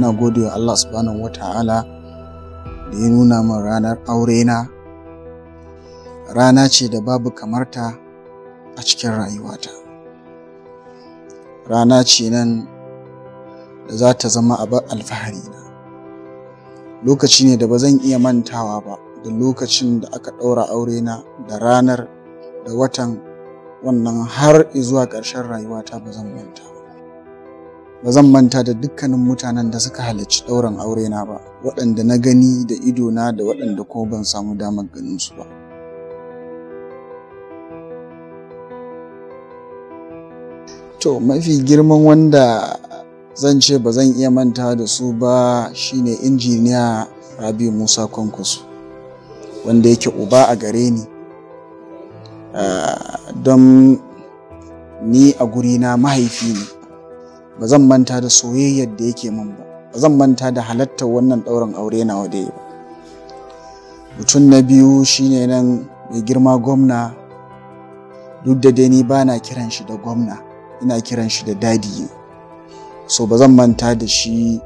ina gode wa Allah subhanahu ta'ala da ya nuna min ranar aure na rana ce da babu kamarta a cikin rayuwata rana ce nan da za ta zama abin alfahari na lokaci ne da ba zan iya mantawa ba da lokacin da aka ɗaura aure na da ranar da watan wannan har zuwa ƙarshen rayuwata ba zan manta ba ba zan manta da dukkanin mutanen da suka halarci ɗaurin aure na ba waɗanda na gani da ido na da waɗanda ko ban samu damar ganin su ba to mafi girman wanda zan ce ba zan iya manta da su ba shine injiniya rabi musa kwankwaso wanda yake uba a gare ni ah, don ni a gurina mahaifi ne ba zan manta da soyayyar da yake min ba ba zan manta da halattar wannan ɗaurin aure na da ba mutum na biyu shine nan mai girma gwamna duk da dai ni ba na kiran shi da gwamna ina kiran shi da dadi so ba zan manta da shi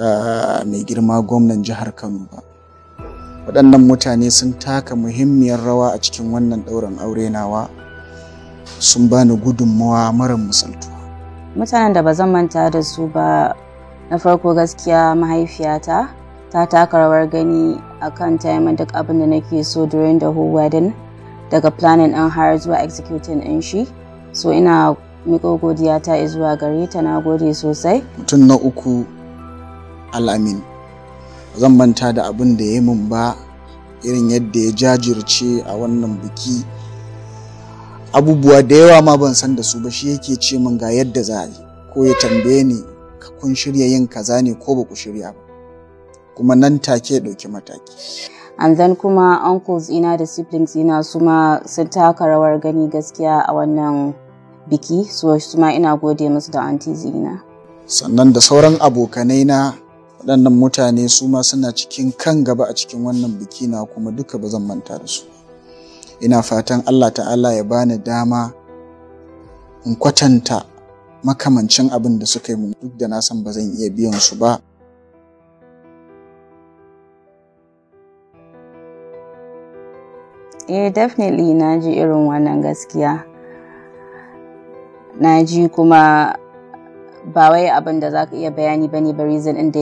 ah, mai girma gwamnan jihar kano ba waɗannan mutane sun taka muhimmiyar rawa a cikin wannan ɗaurin aure nawa sun bani gudunmawa mara misaltu mutanen da ba zan manta da su ba na farko gaskiya mahaifiyata ta taka rawar gani a kan yi duk abin da nake so during the whole wedding daga planning ɗin har zuwa executing ɗin shi so ina miko godiya ta zuwa gare ta na gode sosai mutum na uku al'amin zan manta da abin da ya mun ba irin yadda ya jajirce a wannan biki abubuwa da yawa ma ban san da su ba shi yake ce min ga yadda za a yi ko ya tambaye ni kun shirya yin kaza ne ko ba ku shirya ba kuma nan take ɗauki mataki and then kuma uncles ina da siblings ina su ma sun taka rawar gani gaskiya a wannan biki so su ma ina gode musu da aunties ina sannan da sauran abokanai na waɗannan mutane su ma suna cikin kan gaba a cikin wannan biki na kuma duka ba zan manta da su ina fatan Allah ta'ala ya bani dama in kwatanta makamancin abin da suka yi mun duk da na san ba zan iya biyan su ba eh definitely na ji irin wannan gaskiya na ji kuma ba wai abin da za iya bayani ba ne ba reason da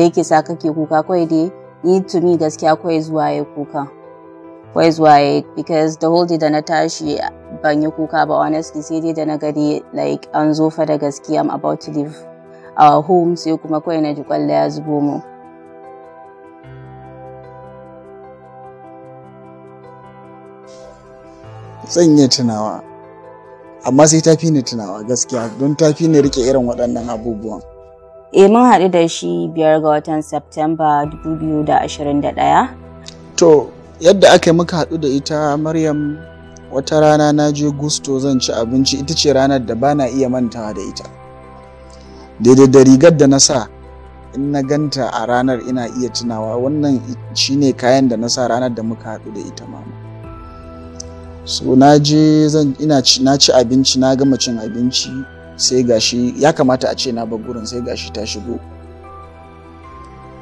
yake sa kake kuka kawai dai ni to me gaskiya kawai zuwa ya kuka where's why because the whole day da na tashi ban yi kuka ba honestly sai dai da na gani like an zo fa da gaskiya I'm about to leave our home sai kuma kawai na ji kwalla ya zubo mu zan iya tunawa amma sai tafi ni tunawa gaskiya don tafi ni rike irin waɗannan abubuwan e mun haɗu da shi biyar ga watan Septemba 2021 to yadda aka muka haɗu da ita maryam wata rana na je gusto zan ci abinci ita ce ranar da bana iya mantawa da ita daidai da rigar da na sa in na ganta a ranar ina iya tunawa wannan shine kayan da na sa ranar da muka haɗu da ita mama so na je na ci abinci na gama cin abinci sai gashi ya kamata a ce na bar gurin sai gashi ta shigo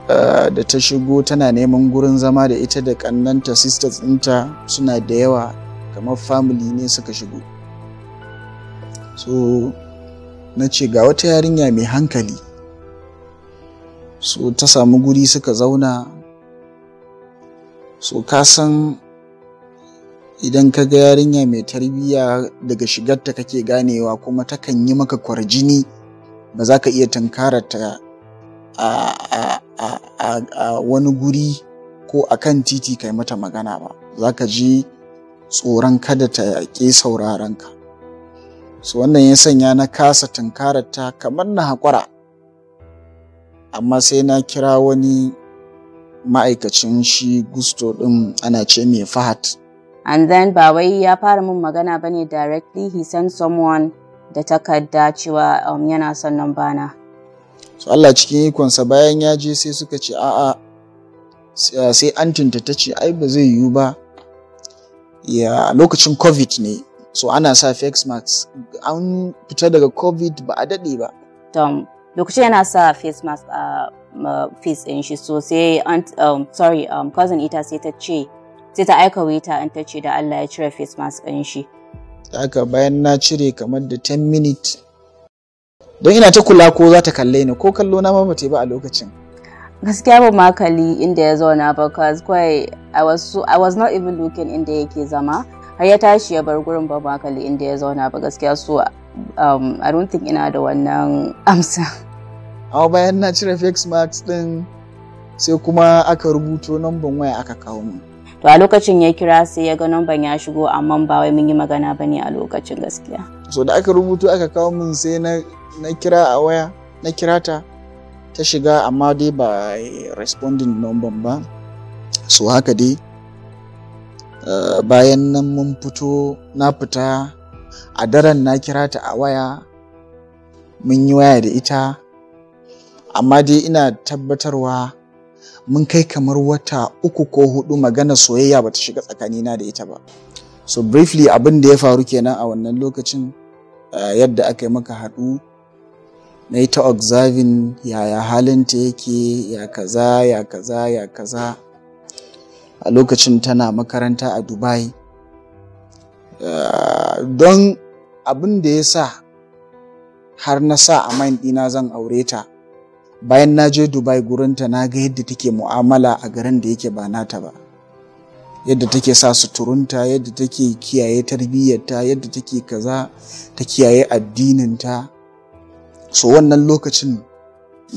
Eh, da ta shigo tana neman gurin zama da ita da kannanta sisters ɗinta suna da yawa kamar family ne suka shigo so na ce ga wata yarinya mai hankali so ta samu guri suka zauna so ka san idan ka ga yarinya mai tarbiyya daga shigarta kake ganewa kuma takan yi maka kwarjini ba za ka iya tunkararta a a wani guri ko a kan titi kai mata magana ba za ka ji tsoron kada ta yaƙe sauraron ka su wannan ya sanya na kasa tunkararta kamar na haƙura amma sai na kira wani ma'aikacin shi gusto ɗin ana ce mai fahat and then ba wai ya fara min magana bane directly he sent someone da takarda cewa um, yana son nan bana. so Allah cikin ikonsa bayan ya je sai suka ce a'a sai antinta ta ce ai ba zai yiwu ba ya lokacin covid ne so ana sa face mask an fita daga covid ba a daɗe ba tom lokacin yana sa face mask a face ɗin shi so sai um, sorry um, cousin ita sai ta ce sai ta aika wita an ta ce da Allah ya cire face mask ɗin shi haka bayan na cire kamar da 10 minutes don ina ta kula ko za ta kalle ni ko kallo na ma ba ta ba a lokacin gaskiya ba ma kalli inda ya zauna ba cause kawai I was so, I was not even looking inda yake zama har ya tashi ya bar gurin ba ma kalli inda ya zauna ba gaskiya so um, I don't think ina da wannan amsa a bayan na cire fix max din sai kuma aka rubuto number waya aka kawo mu to a lokacin ya kira sai ya ga number ya shigo amma ba wai mun yi magana bane a lokacin gaskiya so da aka rubuto aka kawo mun sai na na kira a waya na kira ta ta shiga amma dai ba responding number ba so haka dai uh, bayan nan mun fito na fita a daren na kira ta a waya mun yi waya da ita amma dai ina tabbatarwa mun kai kamar wata uku ko hudu magana soyayya bata shiga tsakanina da ita ba so briefly abin da ya faru kenan a wannan lokacin eh, yadda aka yi maka haɗu na yi ta observing yaya halinta yake ya kaza ya kaza ya kaza a lokacin tana makaranta a dubai ah, don abin da ya sa har na sa a mind ɗina zan aure ta bayan na je dubai gurinta na ga yadda take mu'amala a garin da yake ba nata ba yadda take sa suturunta yadda take kiyaye tarbiyyarta yadda take kaza ta kiyaye addininta so wannan lokacin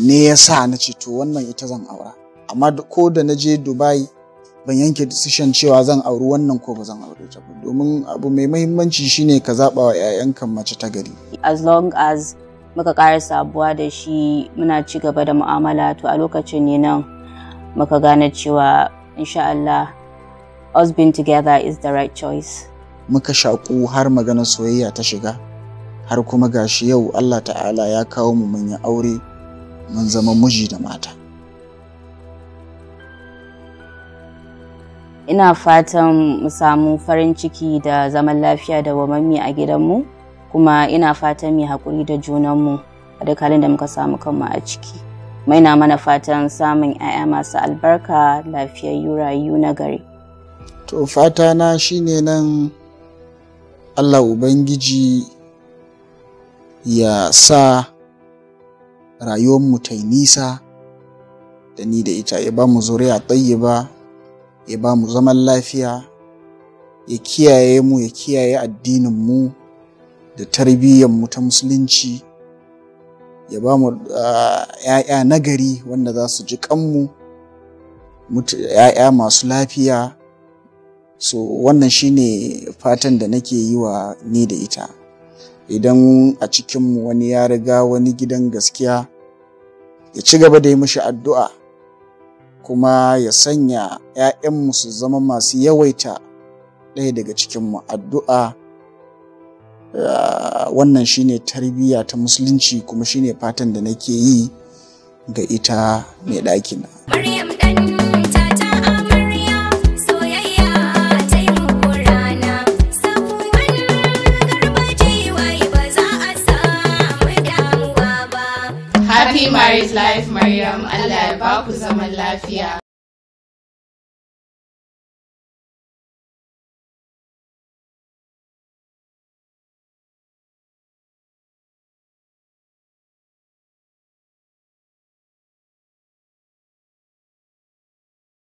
ne ya sa na ce to wannan ita zan aura amma ko da na je dubai ban yanke decision cewa zan auri wannan ko ba zan aure ta ba domin abu mai mahimmanci shine ka zaba wa 'ya'yanka mace ta gari as long as muka ƙara sabuwa da shi muna ci gaba da mu'amala to a lokacin ne nan muka gane cewa insha Allah us being together is the right choice muka shaƙu har maganar soyayya ta shiga har kuma gashi yau Allah ta'ala ya kawo mu mun yi aure mun zama miji da mata ina fatan mu samu farin ciki da zaman lafiya da wamammi a gidanmu kuma ina fatan mu haƙuri da junanmu a duk halin da muka samu kanmu a ciki maina mana fatan samun 'ya'ya masu albarka lafiyayyu rayu na gari to fata na shine nan allah ubangiji ya sa rayuwarmu ta yi nisa da ni da ita ya ba mu zuriya ba ya ba mu zaman lafiya ya kiyaye mu ya kiyaye addininmu da mu ta musulunci ya ba mu ‘ya'ya nagari wanda za su ji kanmu ‘ya'ya masu lafiya so wannan shine fatan da nake yi wa ni da ita idan a cikinmu wani ya riga wani gidan gaskiya ya ci gaba da yi mishi addu'a kuma ya sanya ‘ya'yanmu su zama masu yawaita ɗaya daga cikinmu addu'a ah, wannan shi ne tarbiyya ta musulunci kuma shi ne fatan da nake yi ga ita mai ɗakina. married life Mariam alive. ya ba ku